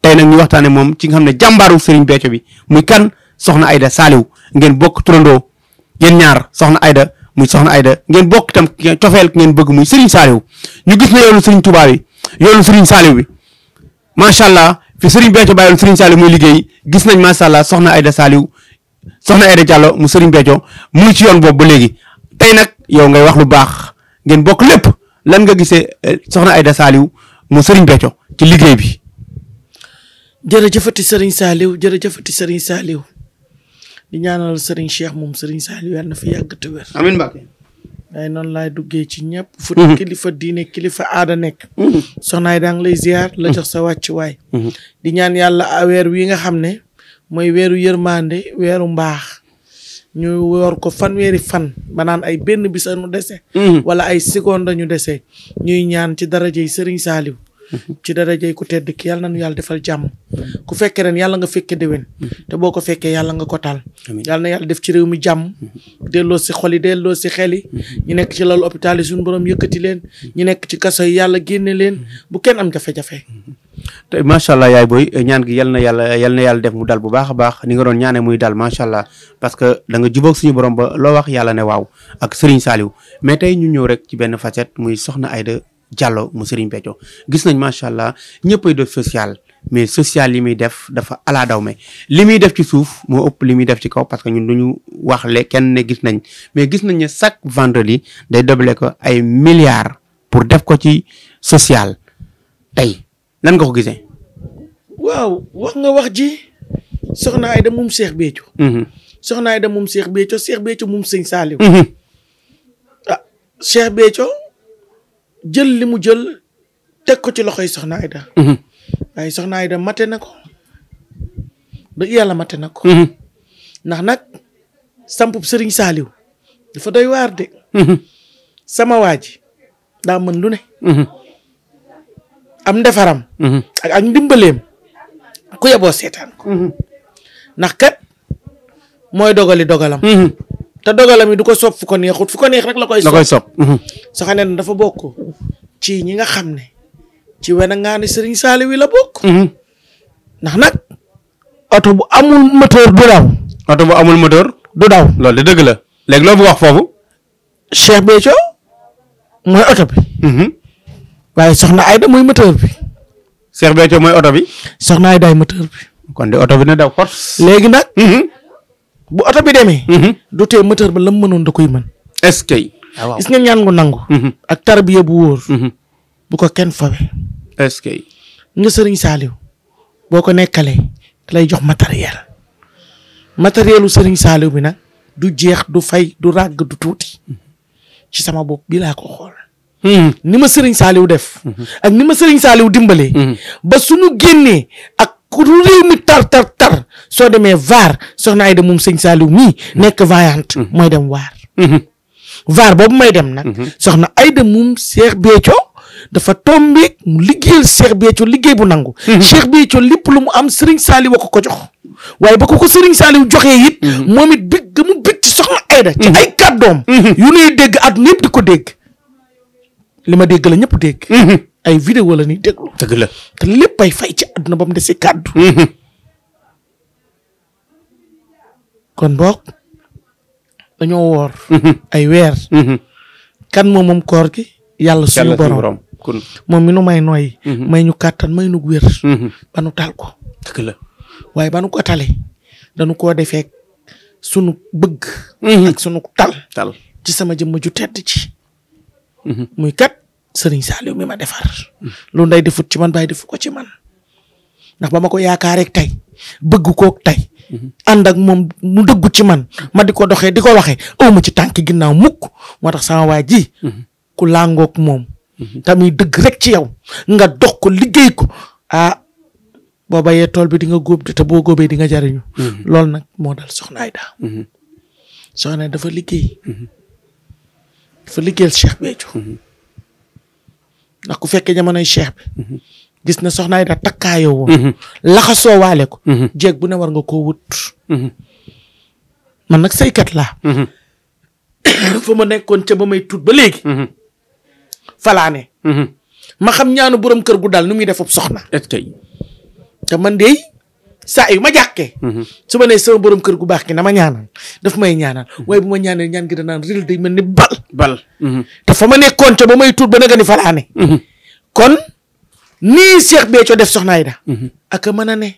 tey nag ñu waxtaane moom ci nga xam ne jàmbaaru Serigne Béthio bi muy kan soxna Aida Saliou ngeen bokk turandoo ngeen ñaar soxna ayda muy soxna ayda ngeen bokk itam cofeel ngeen bëgg muy Serigne Saliou ñu gis ne yoonu Serigne Touba bi yoonu Serigne Saliou bi macha allah fi Serigne Béthio bàyyoon Serigne Saliou muy liggéey gis nañ macha allah soxna Aida Saliou soxna Aida Diallo mu Serigne Béthio mu ngi ci yoon boobu ba léegi tey nag yow ngay wax lu baax ngeen bokk lépp lan nga gisee eh, soxna Aida Saliou mu Serigne Béthio ci liggéey bi. jërëjëfati Serigne Saliou jërëjëfati Serigne Saliou di ñaanal Serigne Cheikh moom Serigne Saliou yàlla na fi yàgg te wér. amiin Mbacke. waaye noonu laay duggee ci ñëpp. fu mhm. kilifa diine kilifa aada nekk. Mhm. soxna yi daa ngi lay ziar. la mhm. jox sa wàccuwaay. di ñaan yàlla weer wi nga xam ne mooy weeru yërmande weeru mbaax. ñu wor ko fanweeri fan ba naan ay benn bis a ñu dese. wala ay seconde ñu dese. ñuy ñaan ci darajey Serigne Saliou. ci darajay ku tedd ki yàlla nañu yàlla defal jàmm ku fekkee ren yàlla nga fekke déwén te boo ko fekkee yàlla nga ko taal yàlla na yàlla def ci réew mi jàmm delloo si xol yi delloo si xel yi ñu nekk ci lalu hôpital yi suñu borom yëkkati leen ñu nekk ci kaso yàlla génne leen bu kenn am jafe-jafe te macha allah yaay booy ñaan gi yal na yàlla yal na yàlla def mu dal bu baax a baax ni nga doon ñaanee muy dal macha allah parce que da nga jubóog ñu borom ba loo wax yàlla ne waaw ak Serigne Saliou mais tey ñu ñëw rek ci benn facette muy Soxna Diallo mu Serigne Béthio gis nañ macha allah ñëppay def social mais social yi muy def dafa ala daw me li muy def ci suuf moo ëpp li muy def ci kaw parce que ñun du ñu wax le kenn ne gis nañ mais gis nañ ne chaque vendredi day doble ko ay milliards pour def ko ci social tey lan nga ko gisee. waaw wax nga wax ji soxna Ayda moom Cheikh Béthio. Mhm. soxna Ayda moom Cheikh Béthio Cheikh Béthio moom Sëñ Saliou. Mhm. ah Cheikh Béthio jël li mu jël teg ko ci loxoy soxna Aida. Mhm. waaye soxna Aida mate na ko dëgg yàlla mate na ko. Mhm. ndax nag sampub Serigne Saliou dafa day waar de. Mhm. sama waa ji daa mën lu ne. am ndefaram. ak ak ndimbaleem ku yeboo seetaan ko. ndax kat mooy dogali dogalam. te dogalam yi du ko soob fu ko neexut fu ko neex rek la koy. la koy soob Soxna Ndeye dafa bokk ci ñi nga xam ne ci wenaŋaani Serigne Saliou wi la bokk. Mhm. ndax nag oto bu amul moteur du daw. oto amul moteur. du daw loolu da dëgg la léegi loo bu wax foofu. Cheikh Béthio mooy oto bi. Mhm. waaye soxna Ayda mooy moteur bi. mooy oto bi. soxna Ayda ay moteur bi. kon de oto bi na daw force. léegi nag. Mhm. bu oto bi demee. Mhm. du tee moteur ba la mu mënoon da koy mën. est-ce que. Ah, waaw gis nga ñaan gu nangu. Mhm. ak tarbiya bu wóor. Mhm. bu ko kenn fawe. est que. nga sëriñ Saliou boo ko nekkalee lay jox matériel matérielu sëriñ Saliou bi nag du jeex du fay du ràgg du tuuti ci sama bopp bi laa ko ni ma sëriñ Saliou def. ak ni ma sëriñ Saliou dimbalee. ba suñu génnee ak ku mi tar tar tar. soo demee vaar soxna Aida moom sëñ Saliou mii nekk vaillante mm-hmm. mooy dem waar vaar mm-hmm. may dem nag mm-hmm. soxna Aida moom Cheikh Béthio dafa tombeeg mu liggéeyal Cheikh Béthio liggéey bu nangu Cheikh Béthio lépp lu mu am sëriñ Saliou wa ko ko jox waaye ba ko ko sëriñ Saliou joxe it moom it bég ga mu bég ci soxna Aida ci ay kàddoom yu nuy dégg àdduna yëpp di ko dégg li ma dégg la ñëpp dégg ay vidéo la ñuy déglu dëgg la ay fay ci àdduna ba mu des kàddu kon boog dañoo woor. ay weer. Mhm. kan moom moom koor gi. yàlla suñu borom moom mi nu may nooy. Mhm. may ñu kàttan may nu wér. Mhm. ba nu taal ko. dëgg waaye ba nu ko tale dañu koo defee sunu bëgg. ak sunu tal. ci sama jëmm ju tedd ci. muy kat sëriñ Saliou mi ma defar. lu nday defut ci man bàyyi defu ko ci man. ndax ba ma ko yaakaaree tey bëgg koog tey ànd ak moom mu dëggu ci man ma di ko doxee di ko waxee aw ma ci tànk ginnaaw mukk moo tax sama waa ji ku làngook moom tamit dëgg rek ci yow nga dox ko liggéey ko ah boo bayee tool bi di nga góob te boo góobee di nga jariñu loolu nag moo dal soxna Aida soxna dafa liggéey dafa liggéeyal Cheikh Béthio ndax ku fekkee jamonoy Cheikh bi gis na soxna Aida takkaayoo woon. Mhm. laxasoo waale ko. Mhm. jéeg bu ne war nga koo wut. Mhm. man nag saykat laa. fa ma nekkoon ca ba may tuut ba léegi. ma xam ñaanu borom kër gu daal nu muy def foofu soxna. man de saa yu ma jàkkee. su ma nee borom kër gu baax ki na ma ñaanal daf may ñaanal bu ma ñaanee ñaan gi danaan réel day mel ni ma nekkoon ca ba may tuut ba nag ni falaane. kon. nii Cheikh Béthio def soxna Aida. Mhm. ak a mën a ne.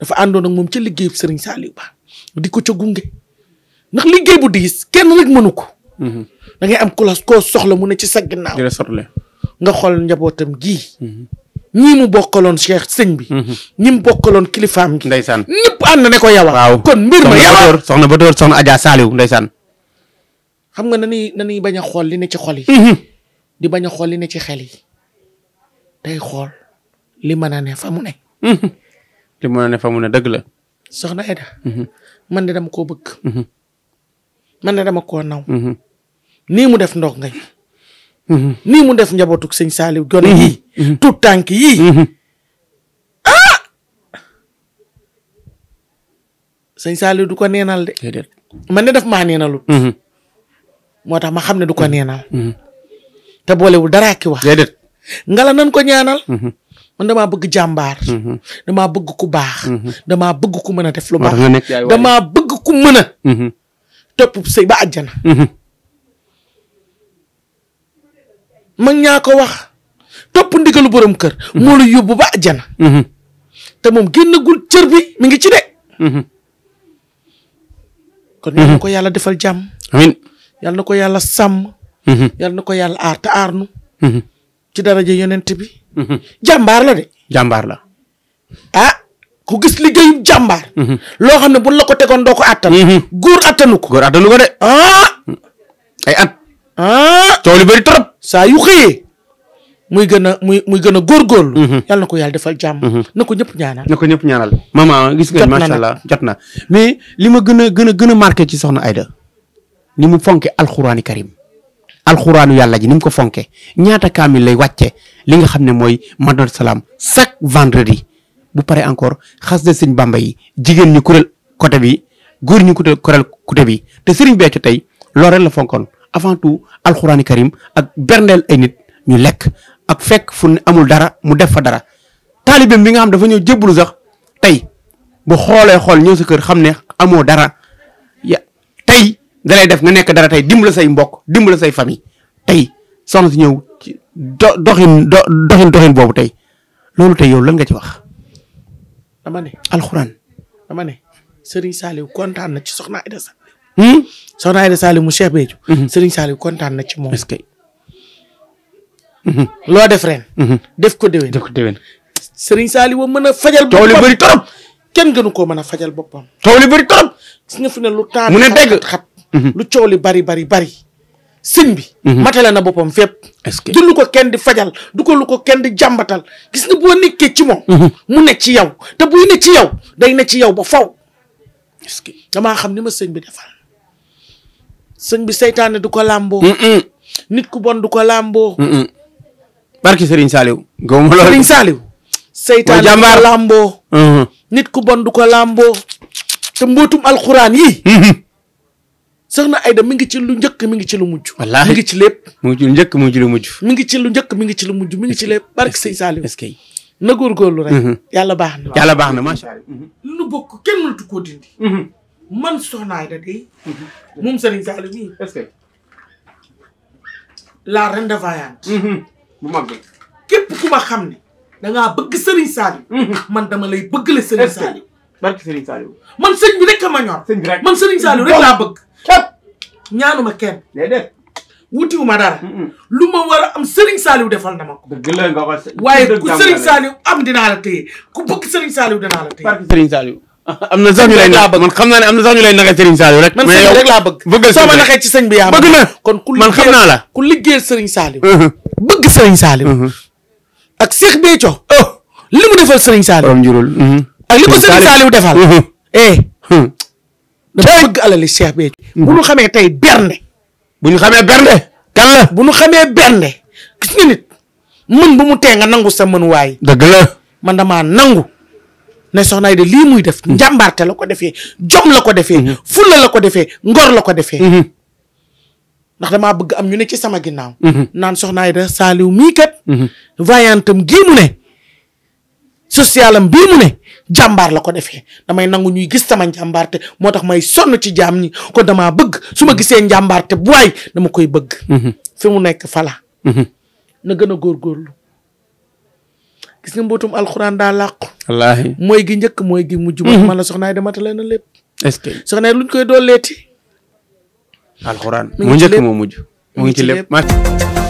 dafa àndoon ak moom ca liggéey Serigne Saliou Ba di ko ca gunge ndax liggéey bu diis kenn rek mënu ko. Mhm. da ngay am kula koo soxla mu ne ci sa ginnaaw. nga xool njabootam gii. Mhm. ñii mu bokkaloon Cheikh sëñ bi. ñi mu bokkaloon kilifaam gi. ndeysaan ñëpp ànd ne ko yawa. waaw kon mbir ma yawa soxna ba door soxna Adja Saliou ndeysaan. xam nga na ni na ni bañ a xool li ne ci xol yi. di baña a xool li ne ci xel yi. day xool li mën a ne fa mu ne. li mën a ne fa mu ne dëgg la. soxna mhm. de dama koo bëgg. Mhm. man de dama koo naw. Mhm. nii mu def ndox ngay. nii mu def njabootug sëñ Saliou gone yii. tout tànk yii. ah. sëñ Saliou du ko neenal de. man de daf maa neenalut. moo tax ma xam ne du ko neenal. te boolewul daraa ki wax. ngala nan ko ñaanal. Mhm. man damaa bëgg jàmbaar. Mhm. damaa bëgg ku baax. Mhm. damaa bëgg ku mën a def lu baax. damaa bëgg ku mën a. topp sëy ba àjjana. mag ñaa ko wax topp ndigalu borom kër. moo la yóbbu ba àjjana. te moom génnagul cër bi mi ngi ci de. kon ko yàlla defal jàmm. amiin na ko yàlla sàmm. yal na ko yàlla aar te aar nu. ci daraja yonent bi. Mhm. jàmbaar la de. jàmbaar la. ah ku gis liggéeyu jàmbaar. Mhm. loo xam ne buñ la ko tegoon doo ko attan. Mhm. góor attanu ko. góor attanu ko de. ah. ay at. ah coow li bëri trop. saa yu xëyee. muy gën a muy muy gën a góorgóorlu. yàlla na ko yàlla defal jàmm. na ko ñëpp ñaanal. na ko ñëpp ñaanal maman gis nga macha allah jot na mais li ma gën a gën gën a marqué ci soxna Aida ni mu fonke alxuraani karim. alxuraanu yàlla ji ni mu ko fonke ñaata kaamil lay wàcce li nga xam ne mooy Madinatu Salaam chaque vendredi bu pare encore xas xasida sëñ Bàmba yi jigéen ñu kuréel côté bi góor ñu kuréel côté bi te sëriñ Béthio tey loolu rek la fonkoon avant tout alxuraani karim ak berndeel ay nit ñu lekk ak fekk fu ne amul dara mu def fa dara taalibeem bi nga xam dafa ñëw jébbalu sax tey bu xoolee xool ñëw sa kër xam ne amoo dara dalay def nga nekk dara tey dimbala say mbokk dimbala say famille tey soxna si ñëw doxin doxin doxin boobu tey loolu tey yow lan nga ci wax. dama ne alxuraan dama ne Serigne Saliou kontaan na ci soxna Aida Saliou. Hmm? soxna Aida mu Cheikh Béthio. Hmm. Serigne kontaan na ci moom. est-ce hmm. loo def ren. def ko déwén def ko déwén. Serigne mën a fajal. boppam tool yu bëri trop. kenn koo mën a fajal boppam. nga fi lu taal. mu ne dégg Mm-hmm. lu coow li bari bari bari sëñ bi mm-hmm. matale na boppam fépp est que du lu ko kenn di fajal du ko lu ko kenn di jàmbatal gis nga boo nekkee ci moom mm-hmm. mu ne ci yow te buy ne ci yow day ne ci yow ba faw est-ce que damaa xam ma sëñ bi bi seytaane du ko làmboo nit ku bon du ko làmboo barki Serigne Saliou gawma loolu Serigne Saliou ku bon du ko làmboo te mbootum alxuraan yi soxna Aida mi ngi ci lu njëkk mi ngi ci lu mujj. wallaahi mi ngi ci lépp. mi ngi ci lu njëkk mi ngi ci lu mujj. mi ngi ci lu njëkk mi ngi ci lu mujj mi ngi ci lépp barke sëñ Saliou. est-ce que na góorgóorlu rek. Mhm. yàlla baax na yàlla baax na macha allah. Mhm. lu nu bokk kenn mënatu koo dindi. Mhm. man soxna Aida de. moom sëriñ Saliou mii. est-ce que. la reine de vaillante. bu mag képp ku ma xam ne. da ngaa bëgg sëriñ Saliou. man dama lay bëgg la sëriñ Saliou. barke sëriñ Saliou. man sëñ bi rek a ma ñor. sëñ bi rek man sëriñ Saliou rek laa bëgg. ñaanuma kenn. déedéet. wutiwuma dara. lu ma war a am Serigne Saliou defal na ma ko. dëgg la nga waaye ku Serigne Saliou am dinaa la téye ku bëgg Serigne Saliou ah, am na sax ñu lay man xam naa ne am na sax ñu lay naxee Serigne rek. man laa bëgg. bëgg soo ma naxee ci sëñ kon ku man xam naa la ku liggéey Serigne Saliou. Mm-hmm. bëgg Serigne Saliou. Mm-hmm. ak Cheikh Béthio. Oh. li mu defal Serigne Saliou. borom njurul. Mm-hmm. ak defal. eh. Hmm. dafa bëgg alali Cheikh Béthio. Mmh. bu ñu xamee tey bernde. bu ñu xamee bernde. kan la bu ñu xamee bernde. gis nga nit mën bu mu tee nga nangu sa mën waay. dëgg man damaa nangu. ne soxna yi de lii muy def. Mmh. njàmbaarte la ko defee jom la ko defee. Mmh. fulla la la ko defee ngor la ko defee. ndax damaa bëgg am ñu ne ci sama ginnaaw. naan soxna yi de Saliou mii kat. vaillantam gii mu ne. social am bii ne jàmbaar la ko defee damay nangu ñuy gis sama njàmbaarte moo tax may sonn ci jaam ñi ko damaa bëgg su ma gisee njàmbaarte bu waay dama koy bëgg. Mhm. fi mu nekk fala mhm. na gën a góorgóorlu. gis nga mbootum alxuraan daa làqu. wallaahi mooy gi njëkk mooy gi mujj. Mhm. man la soxnaay damatale na lépp. est-ce que soxnaay luñ koy dooleeti. alxuraan mu njëkk moo mujj moo ngi ci lépp